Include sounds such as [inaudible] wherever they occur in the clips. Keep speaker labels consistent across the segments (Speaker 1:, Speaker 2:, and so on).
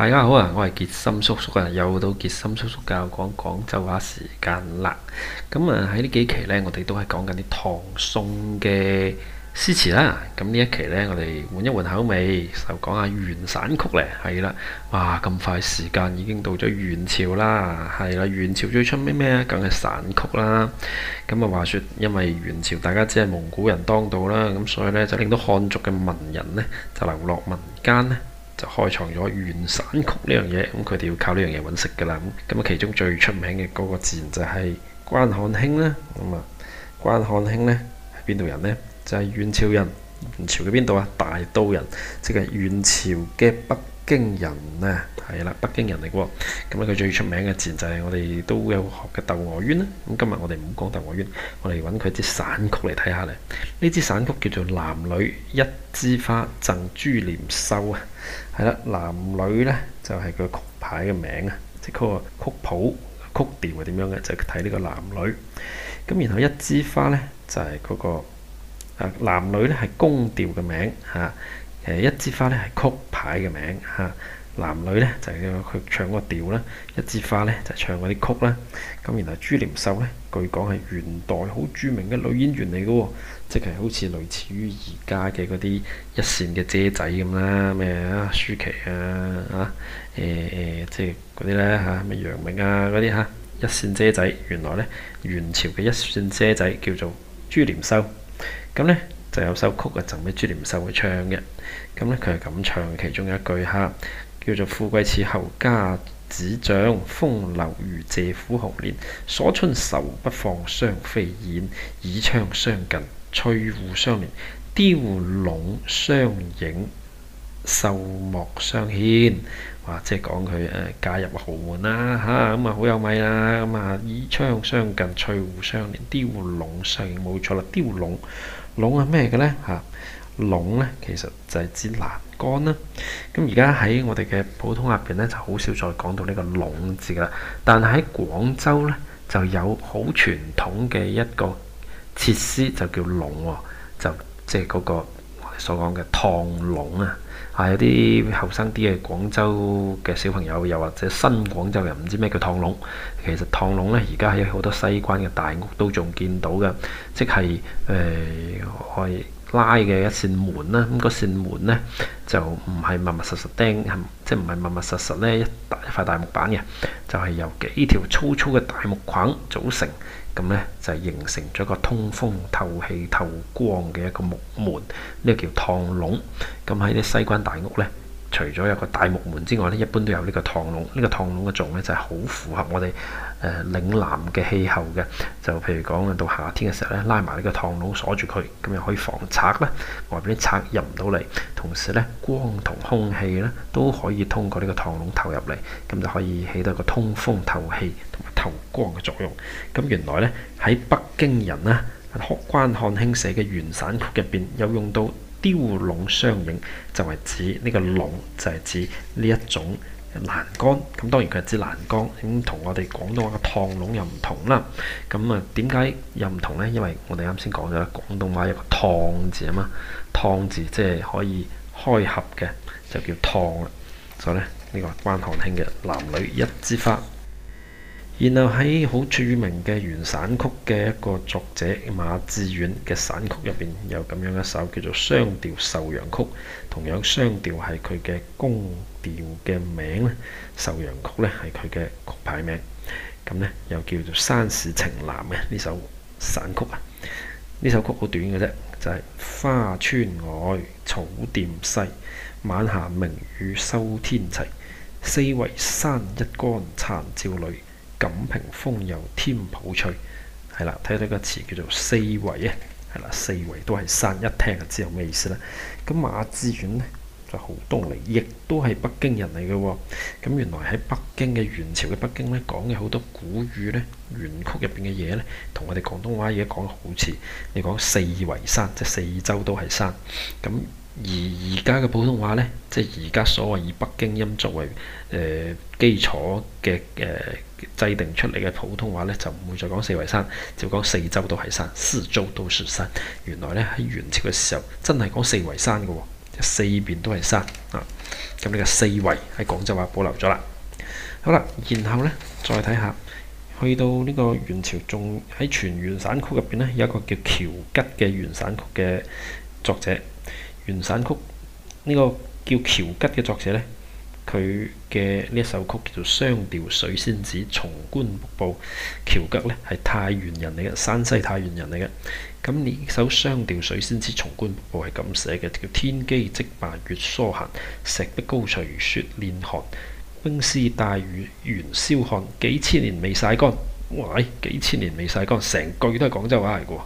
Speaker 1: 大家好啊！我係傑森叔叔啊，又到傑森叔叔教講講廣州話時間啦。咁啊喺呢幾期呢，我哋都係講緊啲唐宋嘅詩詞啦。咁呢一期呢，我哋換一換口味，就講下元散曲咧。係啦，哇！咁快時間已經到咗元朝啦。係啦，元朝最出名咩啊？梗係散曲啦。咁啊話説，因為元朝大家只係蒙古人當道啦，咁所以呢，就令到漢族嘅文人呢，就流落民間咧。就開創咗元散曲呢樣嘢，咁佢哋要靠呢樣嘢揾食噶啦。咁咁啊，其中最出名嘅嗰個自然就係關漢卿啦。咁啊，關漢卿呢係邊度人呢？就係元朝人，元朝嘅邊度啊？大都人，即係元朝嘅北。北京人啊，係啦，北京人嚟嘅喎。咁咧，佢最出名嘅自然就係我哋都有學嘅《竇娥冤》啦。咁今日我哋唔好講《竇娥冤》，我哋揾佢支散曲嚟睇下咧。呢支散曲叫做《男女一枝花贈朱簾秀》啊。係啦，《男女》呢就係佢個曲牌嘅名啊，即係個曲譜、曲調係點樣嘅，就係睇呢個《男女》。咁然後一枝花呢，就係嗰個啊，《男女》呢係宮調嘅名嚇。啊誒一枝花咧係曲牌嘅名嚇，男女咧就係佢唱嗰個調啦，一枝花咧就係唱嗰啲曲啦。咁然後朱蓮秀咧，據講係元代好著名嘅女演員嚟嘅喎，即係好似類似於而家嘅嗰啲一線嘅姐仔咁啦，咩舒淇啊啊誒誒即係嗰啲咧嚇，咩楊穎啊嗰啲嚇一線姐仔，原來咧元朝嘅一線姐仔叫做朱蓮秀，咁咧。就有首曲啊，就俾朱簾秀去唱嘅。咁、嗯、呢，佢係咁唱，其中一句嚇叫做：富貴似侯家紫帳，風流如謝府紅蓮。鎖春愁不放雙飛燕，綺窗相近，翠戶相連，雕龍相影，繡幕相牽。哇！即係講佢誒嫁入豪門啦嚇，咁啊好有米啦。咁啊綺窗相近，翠戶相連，雕龍相影，冇錯啦，雕龍。籠係咩嘅咧？嚇，籠咧，其實就係支欄杆啦。咁而家喺我哋嘅普通入邊咧，就好少再講到呢個籠字㗎啦。但係喺廣州咧，就有好傳統嘅一個設施就叫籠喎，就即係嗰個我哋所講嘅燙籠啊。係、啊、有啲後生啲嘅廣州嘅小朋友，又或者新廣州人，唔知咩叫趟櫳。其實趟櫳咧，而家喺好多西關嘅大屋都仲見到嘅，即係誒、呃、可以。拉嘅一扇門啦，咁嗰扇門咧就唔係密密實實釘，係即係唔係密密實實咧一大塊大木板嘅，就係、是、由幾條粗粗嘅大木框組成，咁咧就是、形成咗一個通風透氣透光嘅一個木門，呢、這個叫趟櫳。咁喺啲西關大屋咧。除咗有個大木門之外咧，一般都有呢個趟籠。呢、這個趟籠嘅作用咧，就係好符合我哋誒嶺南嘅氣候嘅。就譬如講，到夏天嘅時候咧，拉埋呢個趟籠鎖住佢，咁又可以防賊啦。外邊啲賊入唔到嚟，同時咧光同空氣咧都可以通過呢個趟籠投入嚟，咁就可以起到一個通風透氣同埋透光嘅作用。咁原來咧喺北京人咧，關漢卿寫嘅《元散曲》入邊有用到。雕龍相影就係指呢個龍，就係、是、指呢、這個、一種欄杆。咁當然佢係指欄杆，咁同我哋廣東話嘅趟龍又唔同啦。咁啊，點解又唔同呢？因為我哋啱先講咗啦，廣東話一個趟字啊嘛，趟字即係可以開合嘅，就叫趟啦。所以咧，呢、這個關漢卿嘅男女一枝花。然後喺好著名嘅元散曲嘅一個作者馬致遠嘅散曲入邊，有咁樣一首叫做雙調《壽陽曲》，同樣雙調係佢嘅宮調嘅名咧，陽呢《壽陽曲》呢係佢嘅曲牌名。咁呢又叫做山市晴嵐嘅呢首散曲啊。呢首曲好短嘅啫，就係、是、花村外草店西，晚霞明雨收天霽，四圍山一竿殘照裏。錦屏風又添鋪翠，係啦，睇到個詞叫做四圍啊，係啦，四圍都係山，一聽就知有咩意思啦。咁馬致遠呢就好聰明，亦都係北京人嚟嘅喎。咁原來喺北京嘅元朝嘅北京呢，講嘅好多古語呢，元曲入邊嘅嘢呢，同我哋廣東話而家講好似。你講四圍山，即係四周都係山，咁。而而家嘅普通話呢，即係而家所謂以北京音作為誒、呃、基礎嘅誒、呃、制定出嚟嘅普通話呢，就唔會再講四圍山，就講四周都係山，四周都係山。原來呢，喺元朝嘅時候，真係講四圍山嘅、哦，四邊都係山啊！咁呢個四圍喺廣州話保留咗啦。好啦，然後呢，再睇下去到呢個元朝，仲喺全元散曲入邊呢，有一個叫喬吉嘅元散曲嘅作者。元散曲呢、這個叫喬吉嘅作者呢，佢嘅呢一首曲叫做《雙調水仙子重觀瀑布》。喬吉呢係太原人嚟嘅，山西太原人嚟嘅。咁呢首《雙調水仙子重觀瀑布》係咁寫嘅，叫天機織罷月梭閑，石壁高垂雪練寒，冰絲帶雨懸霄漢，幾千年未曬乾。哇！幾千年未曬乾，成句都係廣州話嚟嘅喎。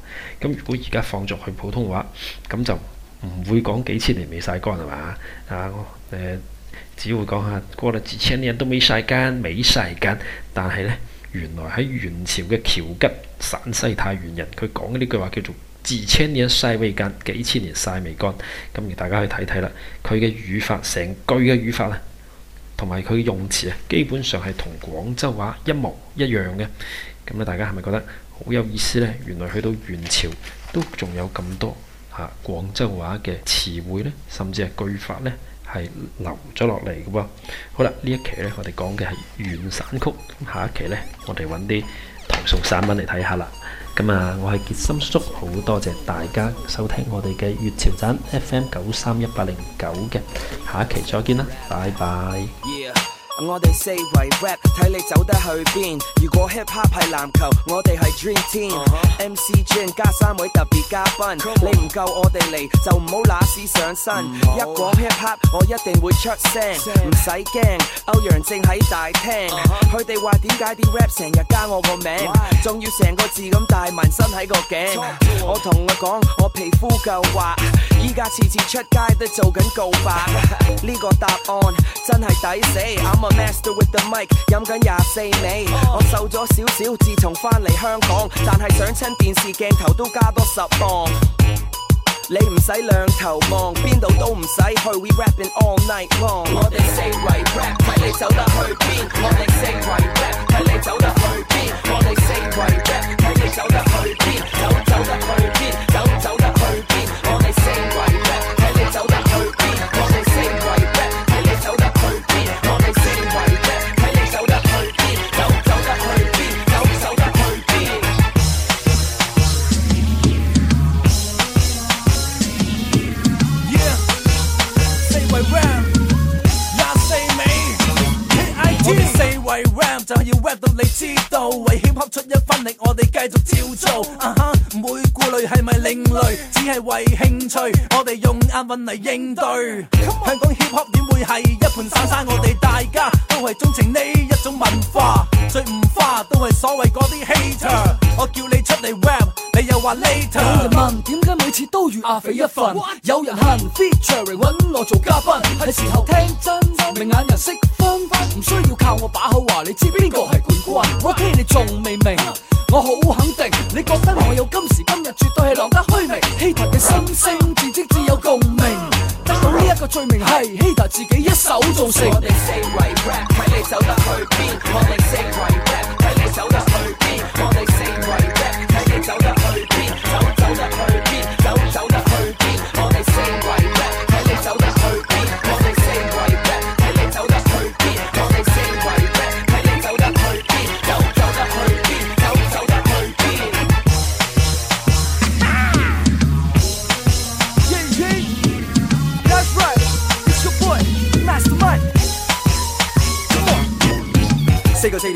Speaker 1: 咁如果而家放逐去普通話，咁就～唔會講幾千年未曬乾係嘛啊？我，誒、呃，只會講下過咗幾千年都未曬乾，未曬乾。但係呢，原來喺元朝嘅喬吉，山西太原人，佢講嘅呢句話叫做幾千年曬未乾，幾千年曬未乾。咁而大家去睇睇啦，佢嘅語法成句嘅語法啊，同埋佢用詞啊，基本上係同廣州話一模一樣嘅。咁咧，大家係咪覺得好有意思呢？原來去到元朝都仲有咁多。嚇、啊，廣州話嘅詞彙咧，甚至係句法咧，係留咗落嚟嘅噃。好啦，呢一期咧，我哋講嘅係元散曲。下一期呢，我哋揾啲唐宋散文嚟睇下啦。咁啊，我係傑森叔，好多謝大家收聽我哋嘅粵潮真 FM 九三一八零九嘅。下一期再見啦，拜拜。Yeah. 我哋四圍 rap，睇你走得去邊？如果 hip hop 係籃球，我哋係 dream team。Uh huh. MC Jin 加三位特別嘉賓，Come on. 你唔夠我哋嚟就唔好揦屎上身。No. 一講 hip hop 我一定會出聲，唔使驚，歐陽靖喺大廳。佢哋話點解啲 rap 成日加我個名，仲 Why? 要成個字咁大紋身喺個頸 to，我同佢講我皮膚夠滑。依家次次出街都做緊告白， [laughs] 呢個答案真係抵死。I'm a master with the mic，飲緊廿四味。Oh, 我瘦咗少少，自從翻嚟香港，但係上親電視鏡頭都加多十磅。你唔使兩頭望，邊度都唔使去。We rapping all night long，我哋四圍 rap，睇你米走得去邊？Oh, 攬出一分力，我哋繼續照做。啊哈，唔會顧慮係咪另類，只係為興趣。我哋用眼韻嚟應對。Come on, 香港 Hip Hop 點會係一盤散沙？我哋大家都係鍾情呢一種文化，最唔花都係所謂嗰啲 Hater。我叫你出嚟 Rap，你又話 Later。有人問點解每次都預阿肥一份？What? 有人恨 Featuring 揾我做嘉賓，係時候聽真，明眼人識。唔需要靠我把口話，你知邊個係冠軍，OK 你仲未明？我好肯定，你覺得我有今時今日，絕對係浪得虛名。希特嘅心聲，自己自有共鳴。得到呢一個罪名係希特自己一手造成。 [music] 我哋四圍，rap 睇你走得去。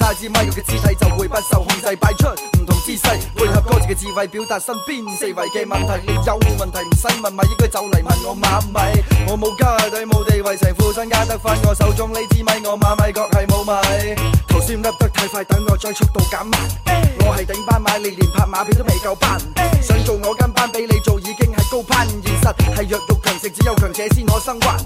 Speaker 1: 揸支咪嘅姿勢就會不受控制，擺出唔同姿勢，配合各自嘅智慧表達身邊四圍嘅問題。你有問題唔使問咪，應該就嚟問我馬咪。我冇家底冇地位，成副身家得翻我手中呢支咪，我馬咪確係冇咪。頭先噏得太快，等我再速度減慢。我係頂班馬，你連拍馬屁都未夠班。想做我跟班，俾你做已經係高攀。現實係弱肉強食，只有強者先可生還。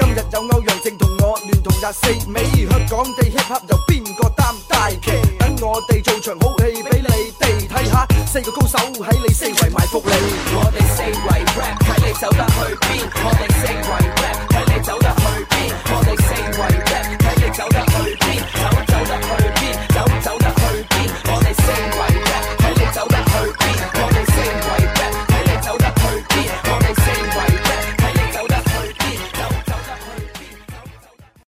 Speaker 1: 今日有歐陽靖同我聯同廿四味，香港地 Hip Hop 由邊個擔？大旗，等我哋做場好戲俾你哋睇下。四個高手喺你四圍埋伏你，我哋四圍 rap 睇你走得去邊？